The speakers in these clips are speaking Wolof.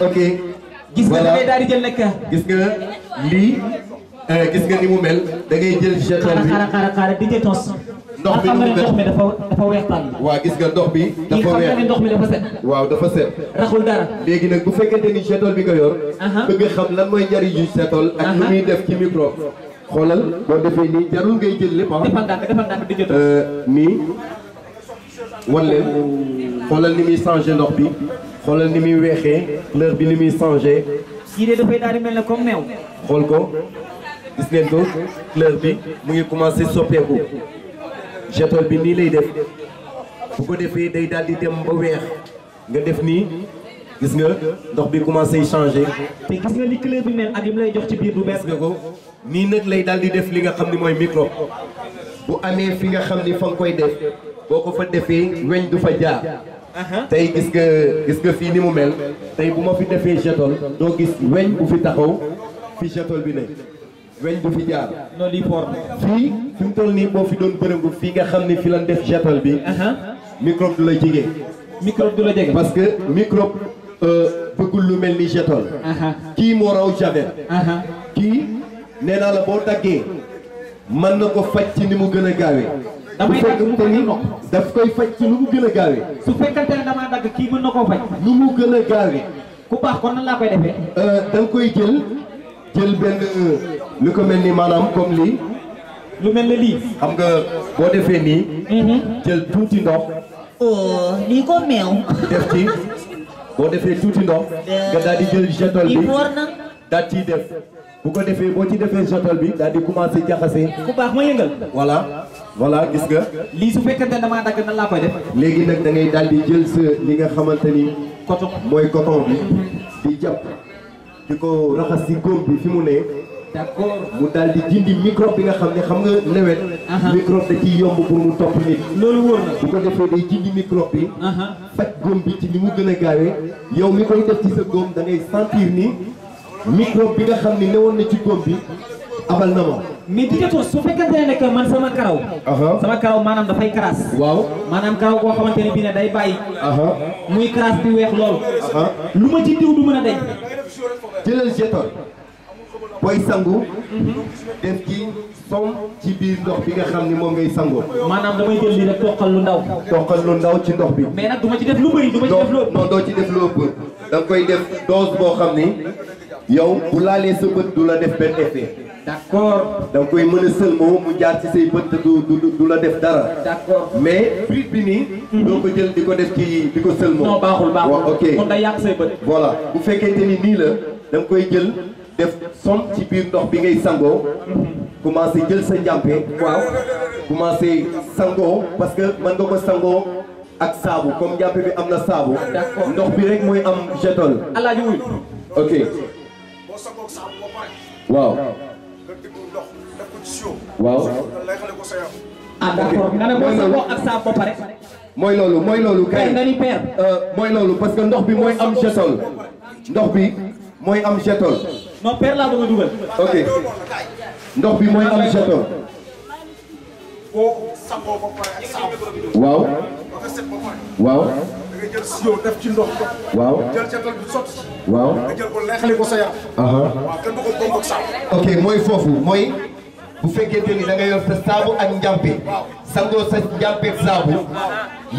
ok. gis nga da ngay euh, gis nga ni mu mel. da ngay jël jeton bi xaaral xaaral xaaral di jetos. ndox ah, bi nu mu mel ndox mi dafa weextaan. waaw gis nga ndox bi. dafa weex xam ndox mi dafa set. waaw dafa set. léegi nag bu fekkente ni jeton bi nga yor. bëgg xam lan mooy njariñu jeton. ak lu muy def ci micro. xoolal boo defee nii jarul ngay jël lépp ah. defal dànk defal dànk di jetos. Euh, nii. wan leen xoolal ni muy changé ndox bi. xoolal ni muy weexee couleur bi ni muy changé. kii de dafay daal mel ne comme meew. xool ko gis ngeen ko couleur bi mu ngi commencé soppeeku jetol bi nii lay def bu ko defee day daal di dem ba weex nga def nii gis nga ndox bi commencé changé. te gis nga li couleur bi mel ak li lay jox ci biir du bees nga ko nii nag lay daal di def li nga xam ni mooy microbe bu amee fi nga xam ni fa nga koy def boo ko fa defee weñ du fa jaar. Uh-huh. tey gis nga gis nga fii ni mu mel tey bu ma fi defee jetol doo gis weñ bu fi taxaw fi jetol bi ne weñ bu fi jaar non lii port fii fi mu nii boo fi doon bërëngu fii nga xam ne fi lan def jetol bi uh-huh. microbe du la jege microbe la jege parce que microbe euh, bëggul lu mel ni jetol uh-huh. kii moo raw javel kii nee naa la boo taggee mën na ko faj ci ni mu gën a gaawee damay dagg mu fekk ni daf koy faj ci lu mu gën a gaawee. su fekkante ne damaa dagg kii mën na koo faj. lu mu gën a gaawee. ku baax kon nan laa koy defee. Euh, da nga koy jël jël benn lu ko mel ni maanaam comme lii. lu mel ne lii. xam nga boo defee nii. Mm-hmm. jël tuuti ndox. oh lii ko meew. def ci boo defee tuuti ndox. nga daal di jël jetol bi. daal ciy def bu ko defee boo ci defee jotal bi daal di commencé jaxase. ku baax ma yëngal. voilà voilà gis nga. lii su fekkante damaa dagg na laa koy def. léegi nag da ngay daal di jël sa li nga xamante ni. coton mooy coton bi. di jàpp di ko raxas si góom bi fi mu ne. d'accord mu daal di dindi microbe bi nga xam ne xam nga nawet. Uh-huh. microbe da ciy yomb pour mu topp nit. loolu wóor na bu ko defee day dindi microbe bi. Uh-huh. faj góom bi ci ni mu gën a gaawee. yow mi koy def ci sa góom da ngay sentir ni. microbe bi nga xam ni newoon na ci góob bi abal na ma. mais di su fekkente ne que man sama karaw. sama karaw maanaam dafay karaas. waaw maanaam karaw koo xamante ne bii ne day bàyyi. muy karaas bi weex lool. lu ma ci diw du mën a denc. jëlal jeton booy sangu. Mhm. def ci som ci biir ndox bi nga xam ni moom ngay sangoo. maanaam damay jël lii rek toqal lu ndaw. toqal lu ndaw ci ndox bi. mais nag du ma ci def lu bëri du ma ci def lu ëpp. doo ci def lu ëpp. da koy def dose boo xam ni. yow bu laalee sa bët du la def benn effet. d'accord koy mën a sëlmoo mu jaar ci say bët du du du la def dara. d'accord mais bride bi nii. Mhm. doo ko jël di ko def ci di ko sëlmoo. non baaxul baaxul ok kon day yàq say bët. bu fekkente ni nii la da koy jël def son ci biir ndox bi ngay sangoo. Mhm. commencé jël sa njàmpe. waaw commencé sangoo parce que mën nga ko sangoo. ak saabu comme njàmpe bi am na saabu. d'accord ndox bi rek mooy am jetol. alaaji wuy ok. sangoog saabu ba pare. waaw. waaw ah, mooy loolu mooy loolu. kay euh, parce que ndox bi mooy am jetol. ndox bi mooy am jetol. ok ndox bi mooy am jetol. waaw. nga jël ci ndox. waaw jël seetal bi sotti. waaw nga ko leexale ko ko bomb ak saabu. ok mooy foofu mooy bu fekkente ni da nga yor sa saabu ak njàmpe sangoo sa njàmpe saabu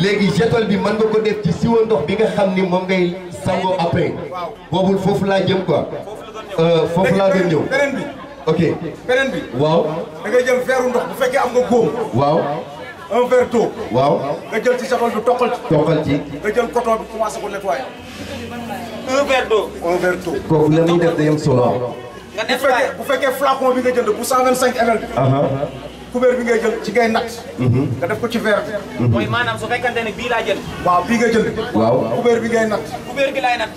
léegi jetol bi mën nga ko def ci siwo ndox bi nga xam ni moom ngay sangoo après boobul foofu laa jëm quoi foofu euh, laa doon ñëw. bi ok beneen bi. am nga góom. waaw. un verre waaw nga jël ci satol bi toqal ci. toqal ci. nga jël coton bi commencé ko nettoyer. un verre d'eau. un verre d'eau. kooku la muy def day am solo. nga nettoyer bu fekkee bu fekkee flacon bi nga jënd bu 125 ml. couvert bi nga jël ci ngay natt mhm. nga def ko ci verre bi mhm. mooy maanaam su fekkante ne bii laa jël waaw bii nga jël waaw bi ngay natt couvert bi laay natt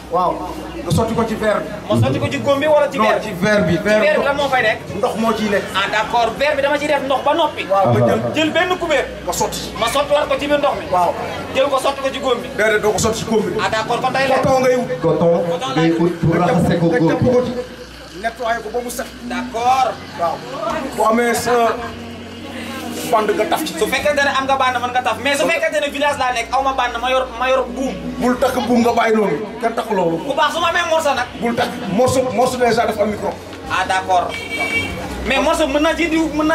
nga sotti ko ci verre bi ma sotti ko ci góom bi wala ci verre non ci bi verre bi lan moo fay nekk moo ciy nekk ah d' accord bi dama ciy def ndox ba noppi waaw nga jël jël benn couvert nga sotti sotti ko ci biir ndox mi waaw ko sotti ko ci góom bi déedéet doo ko sotti ci góom bi ah d' accord kon tey la coton ngay wut coton ngay wut pour raxase ko góom bi nettoyé ko ba mu set d'accord waaw bu sa fànd nga taf ci. su fekkente ne am nga bànn mën nga taf mais su fekkente ne village laa ma bànn ma yor ma yor buum. bul takk buum nga bàyyi loolu kenn ma amee morso nag. bul takk morso morso déjà dafa am micro. ah d'accord mais morso mën naa cee diw mën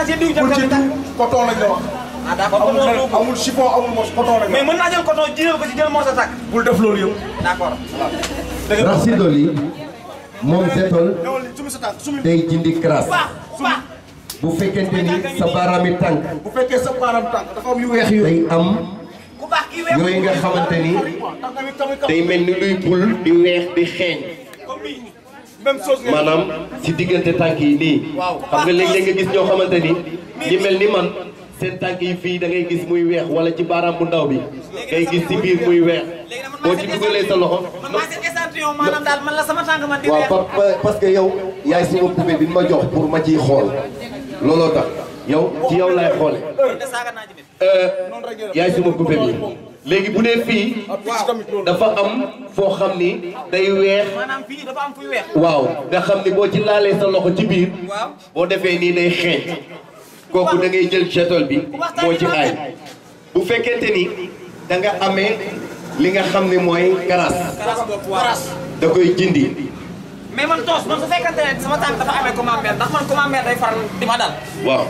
ko ci morso takk. bul def loolu yëpp. d'accord Rax si dolli moom seetool bu fekkente ni sa baaraami bu fekkee sa baaraam tànk dafa am yu weex am yooyu nga xamante ni day mel ni luy bul di weex di xeeñ. maanaam si diggante tànk yi nii. xam nga léeg-léeg nga gis ñoo xamante ni ñi mel ni man seen tànk yi fii da ngay gis muy weex wala ci baaraam bu ndaw bi ngay gis si biir muy weex boo ci dugalee sa loxo. maanaam daal di weex. waaw parce que yow yaay sama poupée bi ma jox pour ma ciy xool. looloo tax yow ci yow lay xoole euh, yaay suma coupé bi léegi bu dee fii dafa am foo xam ni day weex waaw nga xam ni boo ci laalee sa loxo ci biir boo defee nii day xeeñ kooku da ngay jël jetol bi moo ci aay bu fekkente ni da nga amee li nga xam ni mooy karas da koy jindi mais man toos man su fekkante sama tànk dafa amee commentaire ndax man commentaire day faral di ma dal. waaw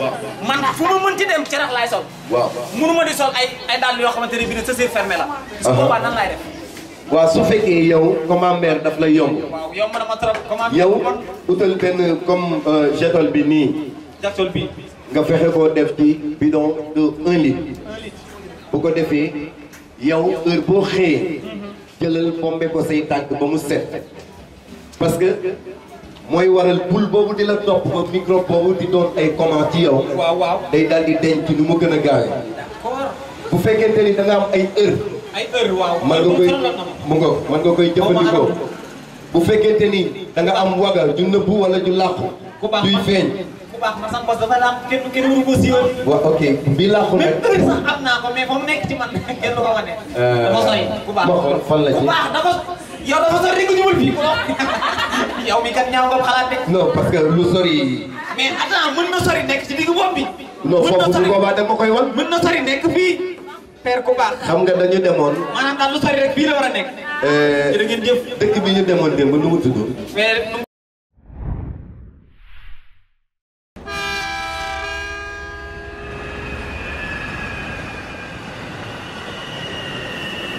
man fu ma mënti dem ci rax sol. waaw mënu di sol ay ay yoo xamante ne bii sa su boobaa nan laay def. waaw su fekkee yow commentaire daf lay yomb. yow man benn comme euh, jetol bi nii. jetol nga fexe koo def ci bidon de un bu ko defee yow heure boo xëyee. Mhm. jëlal bombe ko say tànk ba mu set. parce que mooy waral bul boobu di la topp ba microbe boobu di doon ay comment ci yow. waaw waaw day daal di denc nu mu gën a gaawee. bu fekkente ni da nga am ay heure ay heure koy mën nga koy jëfandikoo. fekkente ni da nga am waga ju nëbbu wala ju làqu. duy feeñ. bu ok bi làqu nag. même heure sax am fa ci euh, la ci yow dafa sori rek ñëwul fii yow mi kat ñaaw nga xalaat de. non parce que lu sori. mais attends mën na sori nekk ci digg bopp bi. non foofu bu boobaa dama koy wan. mën na sori nekk bi père ku baax. xam nga dañu demoon. maanaam daal lu sori rek fii la war a nekk. Euh, jërë ngeen jëf. dëkk bi ñu demoon démb nu mu tudd.